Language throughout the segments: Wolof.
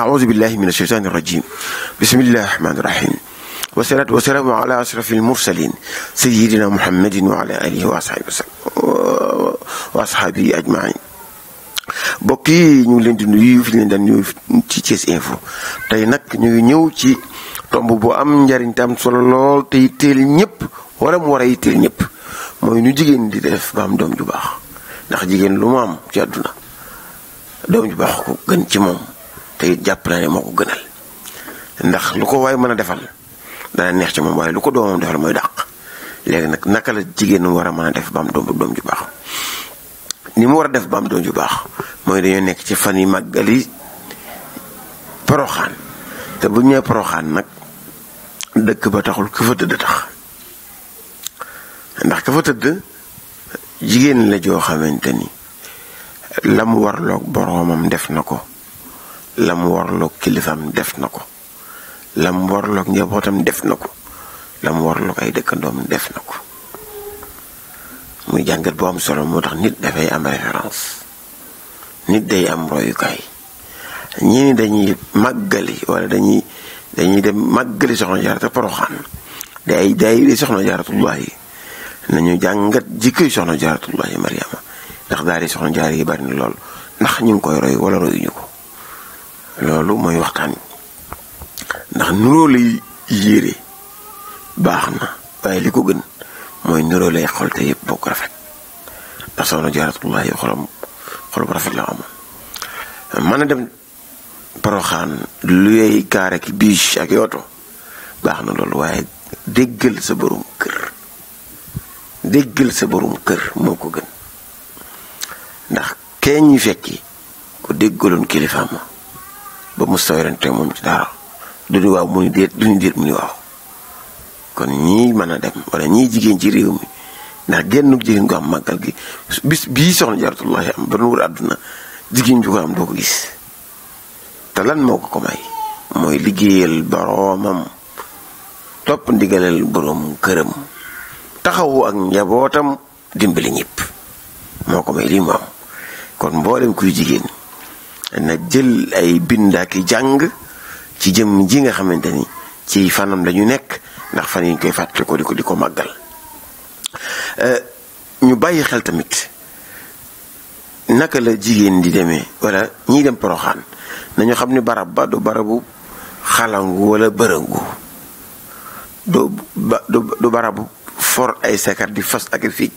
أعوذ بالله من الشيطان الرجيم بسم الله الرحمن الرحيم والصلاة والسلام على أشرف المرسلين سيدنا محمد وعلى آله وأصحابه وسلم وأصحابه أجمعين بكي نقول لنا نيو في لنا نيو في تيس إنفو تينك نيو نيو تي تومبو بو أم جارين تام سولول تي تيل نيب ولا مورا يتيل نيب موي نو جيجين دي ديف بام دوم جو باخ نخ جيجين لو مام تي أدنا دوم جو باخ كو كن تي موم te jàpp naa ne moo ko gënal ndax lu ko waay mën a defal dana neex ci moom waaye lu ko doomam defal mooy daq léegi nag naka la jigéen war a mën a def ba doom ju baax ni mu war a def baam am doom ju baax mooy dañoo nekk ci fan yi màggali poroxaan te bu ñëwee poroxaan nag dëkk ba taxul ka fa tëdd tax ndax ka fa tëdd jigéen la joo xamante ni la mu warloog boroomam def na ko lam warlo kilifam def nako lam warlo njabotam def nako lam warlo ay dëkkandoom def nako muy jàngat bo am solo motax nit nit fay am reference nit day am kay ñi ni dañuy magali wala dañuy dañuy dem magali soxna jaarata proxan day day li soxna allah nañu jangat jikko soxna allah mariama ndax daari soxna jaar yi bari lool ndax ñu ngi koy roy wala roy ñuko loolu mooy waxtaan ndax nuroo lay yére baax na waaye li ko gën mooy nuroo lay xol te yëpp bokk rafet ndax soxna jaaratullahi xolam xol bu rafet la amoon mën a dem poroxaan lu yey kaar ki biis ak yooto baax na loolu waaye déggal sa borom kër déggal sa borom kër moo ko gën ndax kee ñuy fekki ku déggaloon kilifaam ba musta yorante moom ci dara du di waaw mu deet du ni deet mu ni kon ñi mëna dem wala ñi jigéen ci réew mi na gennu jigéen ko am gi bis bi soxna jaratullahi am ba nu aduna jigéen ju ko am do ko gis ta lan moko ko may moy liggéeyal boromam top ndigalel borom kërëm taxawu ak njabotam dimbali ñep moko may li kon mbolem kuy jigéen na jël ay bind ak jàng ci jëm ji nga xamante ni ci fanam lañu nekk ndax fan yi ñu koy fàttali di ko di ko màggal euh, ñu bàyyi xel tamit naka la jigéen di demee wala ñiy dem poroxaan nañu xam ni barab ba du barabu xalangu wala bërëngu du barabu for ay sakar di fas ak ficc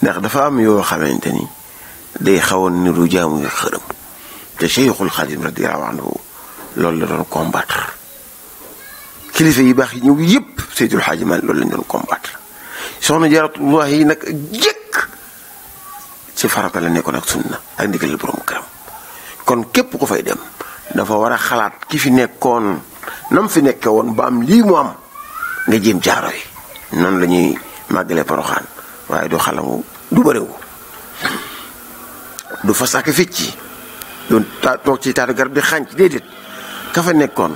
ndax dafa am yoo xamante ni day xaw a niru jaamu yu xërëm te Cheikhul Khadim radiyallahu anhu loolu la doon combattre kilifa yi baax yi ñëw yëpp Seydul Xaaji Maalik loolu lañ doon combattre soxna Jaaratullaah yi nag jëkk ci farata la nekkoon ak sunna ak ndigal borom këram kon képp ku fay dem dafa war a xalaat ki fi nekkoon nam fi nekke woon ba am lii mu am nga jéem jaaro yi noonu la ñuy màggalee Poroxaan waaye du xalamu du bëriwu du fa sak fi ci ta tok ci tar garab di xànc dedet ka fa nekkon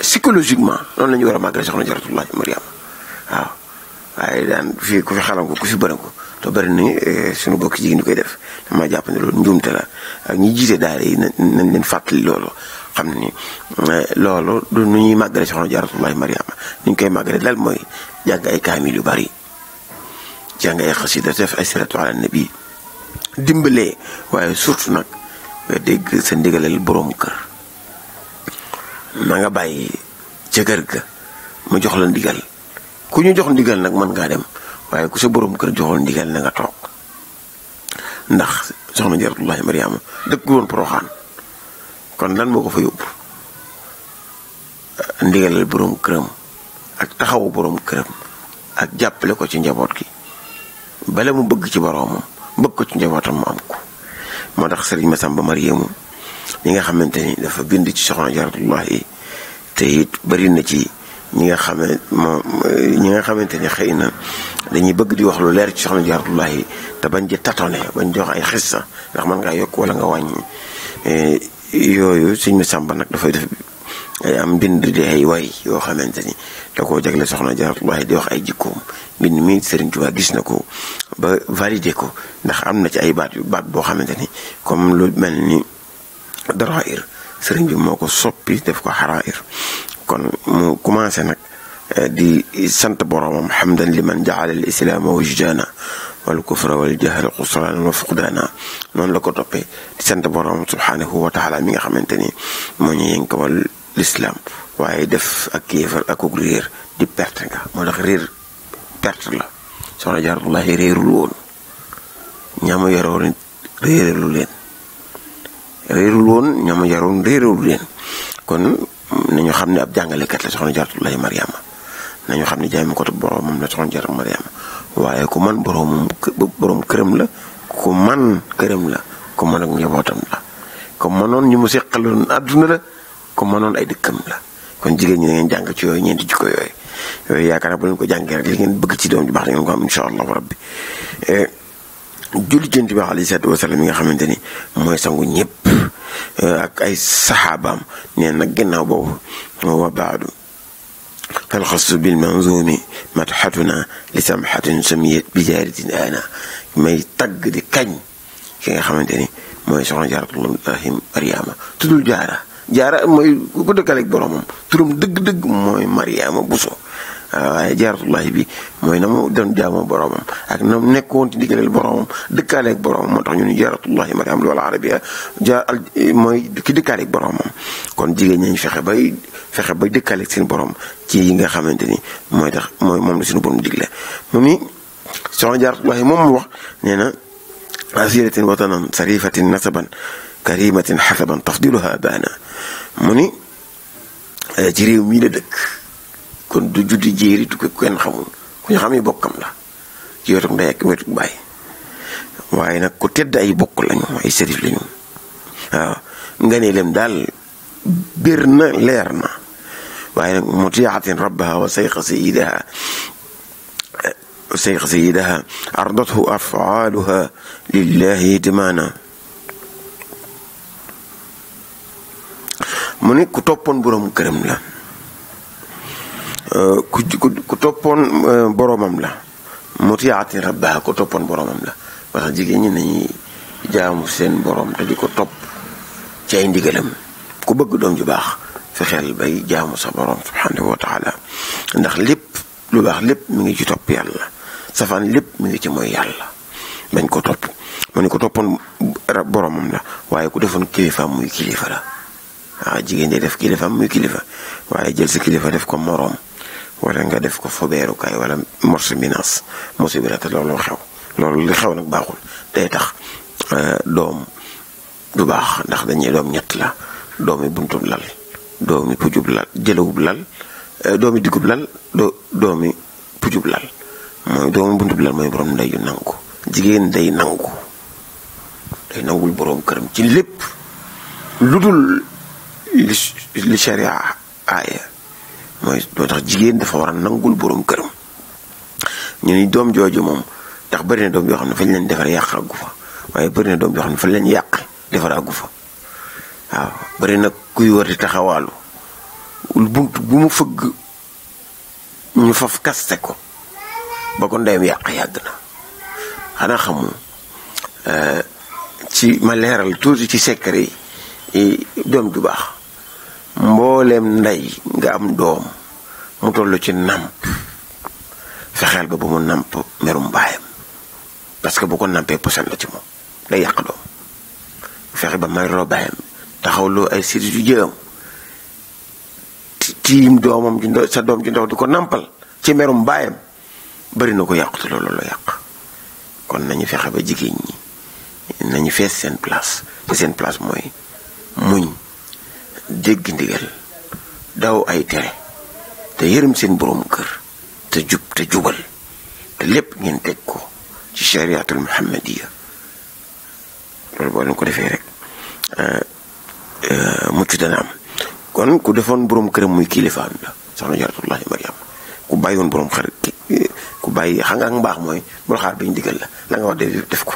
psychologiquement non lañu wara magal xono màggale soxna Jaaratullaah waaw waye dan fi ku fi xalam ko ku fi beureng ko to bëri ni suñu bokk jigéen ñi koy def dama jàpp ni lolu njumte la ak ñi jité daara yi nañ leen fatali lolu xamni lolu du nu ñuy màggale soxna Jaaratullaah mariam ni ñu koy magal dal moy jàng ay kamil yu bari jàng ay xasida def ay siratu ala nabi dimbele waye surtout nak nga deg sa ndigalel borom kër na nga bàyyi ci keur ga mu jox la ndigal ku ñu jox ndigal nak man nga dem waye ku sa borom kër joxol ndigal nga tok ndax soxna jaratullahi mariama dëkk won proxan kon lan moko fa yob ndigalal borom keuram ak taxawu borom keuram ak jappale ko ci njabot gi bala bëgg ci bëgg ko ci njabootam mu am ko moo tax sëriñ Masamba Mariamu ñi nga xamante ni dafa bind ci soxna Jaaratullaahi te it bëri na ci ñi nga xam ne moom ñi nga xamante ni xëy na dañuy bëgg di wax lu leer ci soxna Jaaratullaahi te bañ ci tatone bañ jox ay xissa ndax man ngaa yokk wala nga wàññi e, yooyu sëñ Masamba nag dafay def ay am mbind di ay way yoo xamante ni da koo jagle soxna Jaaratullaahi di wax ay jikkoom mbind mi Sëriñ Tuubaa gis na ko ba validé ko ndax amna ci ay baat yu baat bo xamanteni comme lu melni ni darair sëriñ bi moko soppi def ko xarair kon mu commencer nak di sante borom hamdan liman jaala al islam wujdaana wal kufra wal jahl qusran wa fuqdana non la ko topé di sante borom subhanahu wa taala mi nga xamante ni moo ñu yënkawal l'islam waye def ak kéefar ak ak rir di perte nga mo tax rir perte la soxna jaaratullahi réerul woon ñaama yaroon réerelu leen réerul woon ñaama yaroon réerelu leen kon nañu xam ne ab jàngale jàngalekat la soxna jaaratullahi mariama nañu xam ne jaami ko tu boroomam la soxna jaaratu mariama waaye ku man boroomam boroom këram la ku man këram la ku man ak njabootam la ku manoon ñu mu seqaloon àdduna la ku manoon ay dëkkam la kon jigéen ñi da ngeen jàng ci yooyu ñeenti jikko yooyu yooyu yaakaar naa bu leen ko jàngee rek li ngeen bëgg ci doom ju baax ngeen ko am incha allahu rabbi e, julli jënt bi alayhi salaatu wasalaam nga xamante ni mooy sangu ñëpp e, ak ay saxaabaam nee nag gannaaw boobu wa baadu falxasu bil manzumi matxatuna li samxatin samiyat bijaaritin ana may tagg di kañ ki nga xamante ni mooy soxna jaaratullahi mariama tudul jaara jaara mooy ku dëkkaleeg boromam turam dëgg-dëgg mooy Mariama Bousso ah, waaye jaaratullahi bi mooy na mu doon jaamoo boromam ak na mu nekkoon ci diggaleel boromam dëkkaaleeg boromam moo tax ñu ne jaaratullahi Mariama wala arabia jaar al mooy ki dëkkaaleeg boromam. kon jigéen ñañ fexe bay fexe bay dëkkaaleeg seen borom ci nga xamante ni mooy tax mooy moom la suñu borom digle mu ni soxna jaaratullahi moom mu wax nee na asiratin watanan sarifatin nasaban karimatin xasaban tafdiluha baana mu ni eh, ci réew mii la dëkk kon du juddi jéeri du ko kenn xamul ku ñu xam ne bokkam la ci wetu ndey ak wetu baay waaye nag ku tedd ay bokk lañu ay sërif lañu waaw nga ne lem daal bir na leer na waaye nag mutiatin rabbaha wa sayqa sayidaha eh, sayqa sayidaha ardathu afaaluha lillahi mu ne ku toppoon boroomu këram la euh, ku ku toppoon euh, boroomam la mutiaatin rabbaha ku toppoon boroomam la parce que jigéen ñi nañuy jaamu seen borom te di ko topp ci ay ndigalam ku bëgg doom ju baax fexeel bay jaamu sa borom subhanahu wa taala ndax lépp lu baax lépp mu ngi ci topp yàlla safaan lépp mu ngi ci mooy yàlla bañ ko topp mu ne ko toppoon boromam la waaye ku defoon kilifa muy kilifa la waaw ah, jigéen ñi def kilifa muy kilifa waaye jël si kilifa def ko moroom wala nga def ko fobeerukaay wala morsi minaas musiba la te loolu xew loolu li xew nag baaxul day tax eh, doom du baax ndax dañuy doom ñett la doomi buntub lal doomi pujub lal jëlawub eh, doomi digub lal doomi pujub lal mooy doomi buntub lal mooy borom ndey yu nangu jigéen day nangu day nangul borom këram ci lépp lu dul li li sharia aaye mooy moo tax jigéen dafa waral a nangul borom këram ñu ni doom jooju moom ndax bëri na doom yoo xam ne fañ leen defar yàq àggu fa waaye bëri doom yoo xam ne fañ leen yàq defar àggu fa waaw bëri na kuy war di taxawaalu bunt bu mu fëgg ñu faf kaste ko ba ko ndeyam yàq yàgg na xanaa xamu euh, ci ma leeral tuuti ci secret yi doom du baax mbooleem ndey nga am doom mu toll ci namp fexeel ba bu mu namp merum baayam parce que bu ko nampee posan la ci moom day yàq doom fexe ba may loo baayam taxaw loo ay sir yu jëm tiim doomam ju sa doom ju ndox di ko nampal ci merum baayam bari na ko yàqute loolu la yàq kon nañu fexe ba jigéen ñi nañu fees seen place te seen place mooy muñ jéggi ndigal daw ay tere te yërëm seen borom kër te jub te jubal te lépp ngeen teg ko ci chariatul muhammadiya loolu boo leen ko defee rek eh, eh, mucc dana am kon ku defoon borom këram muy kilifa am la soxna jaratullahi mariam ku bàyyi borom xar ku bàyyi xanga ak mbaax mooy bul xaar biñ digal la la nga wax def def ko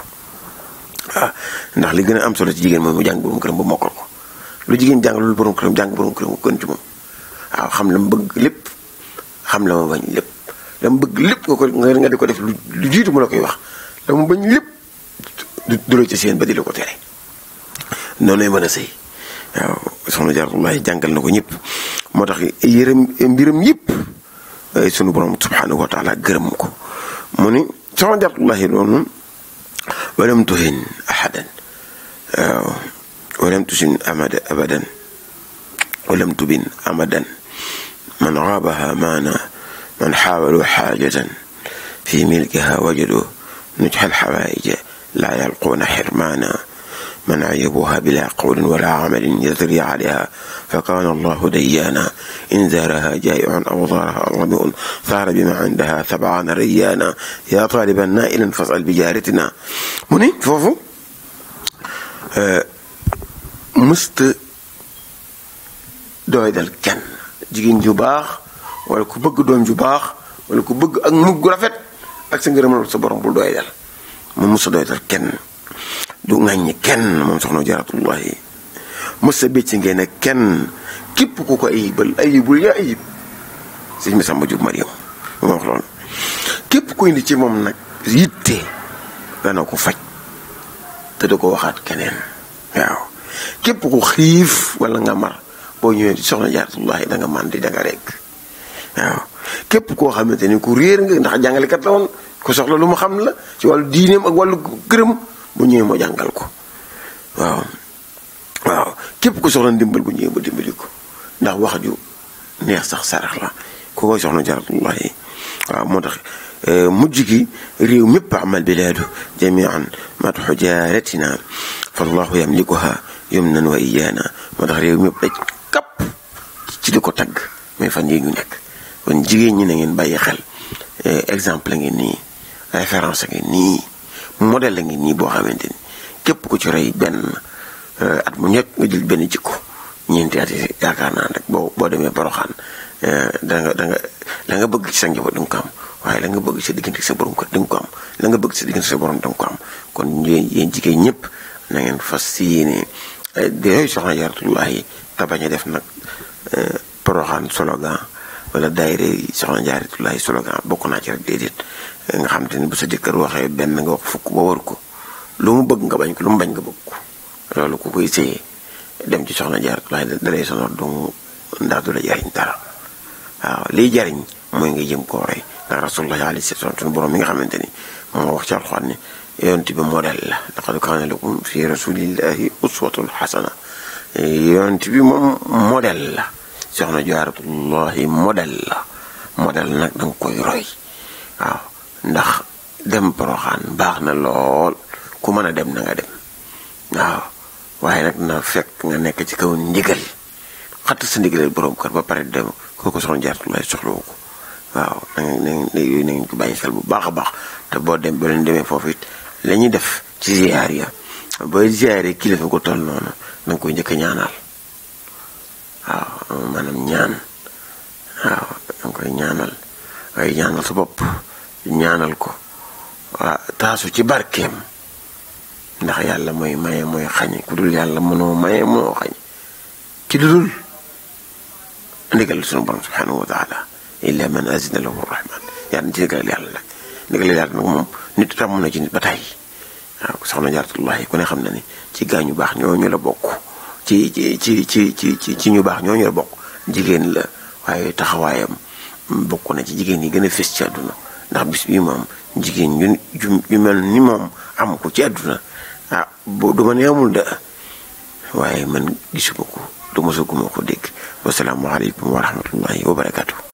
ah ndax li gën a am solo ci jigéen mooy mu jàng borom këram ba mokkal ko lu jigéen jàng loolu borom këram jàng borom këram gën moom waaw xam la mu bëgg lépp xam la ma bañ lépp la mu bëgg lépp nga ko di ko def lu jiitu mu la koy wax la mu bañ lépp du la ci seen ba di la ko tere noonu lay mën a sëy waaw soxna Jaaratullaahi jàngal na ko ñëpp moo tax yërëm mbiram yëpp sunu borom subhaanahu wa taala gërëm ko mu ni soxna Jaaratullaahi loolu walam tuhin ahadan ولم تسن أبدا ولم تبن أمدا من غابها مانا من حاولوا حاجة في ملكها وجدوا نجح الحوائج لا يلقون حرمانا من عيبوها بلا قول ولا عمل يثري عليها فكان الله ديانا إن زارها جائع أو ظهرها ظمئ ثار بما عندها ثبعان ريانا يا طالبا نائلا فاسأل بجارتنا منين فوفو آه mësta dooy dal kenn jigéen ju baax walla ku bëgg doom ju baax wala ku bëgg ak mugg rafet ak sa ngërëmal sa borom bu dooy dal mu mësta dooy dal kenn du ŋàññi kenn moom soxna jaaratullahi mësta bécc ngeen ne kenn képp ku ko ayibal ayibul yaa ayib sëñ bi Samba Diop Mariam moo wax loolu képp ku indi ci moom nag yitte dana ko faj te du ko waxaat keneen waaw képp ko xif wala nga mar bo ñewé ci soxna jaaratullahi da nga di da nga rek waaw képp ko xamanteni ku reer nga ndax jangale kat lawon ku soxla lu mu xam la ci walu diineem ak walu këram bu ñewé mo jangal ko waaw waaw képp ko soxla ndimbal bu ñewé ba dimbali ko ndax wax ju neex sax sarax la ko ko soxna jaaratullahi waaw ya, moo tax eh, mujj gi réew amal bilaadu jamian mat xujaratina yamlikuha yom nan wa iyana mo tax rew mi kap ci diko tag may fan yi ñu nek won jigeen ñi na ngeen baye xel eh, exemple ngeen ni référence ngeen ni model ngeen ni bo xamanteni kep ku ci ben eh, at mu ñek nga jël ben jikko ñenti at yaakaar naa rek bo boo demee boroxaan eh, da nga da nga la nga bëgg ci sa njaboot danga ko am waye la nga bëgg ci digënté sa borom ko dum ko la nga bëgg ci digënté sa borom dum ko kon ñeen jigeen na ngeen fasiyene dinañ soxna jaaratullaahi te bañ def nag e, poroxaan slogan wala daayira soxna jaaratullaahi slogan bokk naa ci rek déedéet nga xam te bu sa jëkkër waxee benn nga wax fukk ba war ko lu mu bëgg nga bañ ko lu mu bañ nga bëgg ko loolu ko koy séyee dem ci soxna jaaratullaahi dalay sonor dong ndax du la jariñ dara waaw liy jariñ mooy nga jëm koo roy ndax rasulullaahi alayhi salaam sunu borom mi nga xamante ni moo wax ci alxuraan ni yonent bi modèle la laqad kaana lakum fi rasulillahi uswatun xasana bi moom modèle la soxna jaaratullahi modèle la modèle nag danga koy ndax dem poroxaan baax na lool ku mën a dem na nga waaye nag na fekk nga nekk ci kaw ndigal xatt sa ndigaleel borom kër ba pare dem kooku soxna jaaratullahi soxlawu ko waaw na ngeen yooyu na ngeen ko bàyyi xel bu baax a baax te boo dem boo leen demee foofu it la ñuy def ci ziyaar ya booy ziyaare kilifa gu toll noonu da koy njëkk ñaanal waaw maanaam ñaan waaw da koy ñaanal waaye ñaanal sa bopp ñaanal ko waaw taasu ci barkeem ndax yàlla mooy maye mooy xañe ku dul yàlla mënoo maye mënoo xañe ci dudul ndigal suñu borom subhanahu wa taala illa man azina lahu rahman yàlla ci léeg-léeg daal nag na ci ba tey waaw soxna jaaratullahi xam na ni ci gaa ñu baax ñooñu la bokk ci ci ci ci ci ci ñu baax ñooñu bokk jigéen la waaye taxawaayam bokk na ci jigéen yi gën a fés ci ndax bis bii moom jigéen ñu ju mel ni moom am ko ci àdduna ah duma ne amul da waaye man gisuma ko du mosaguma ko dégg wasalaamualeykum wa rahmatullahi wa barakaatu.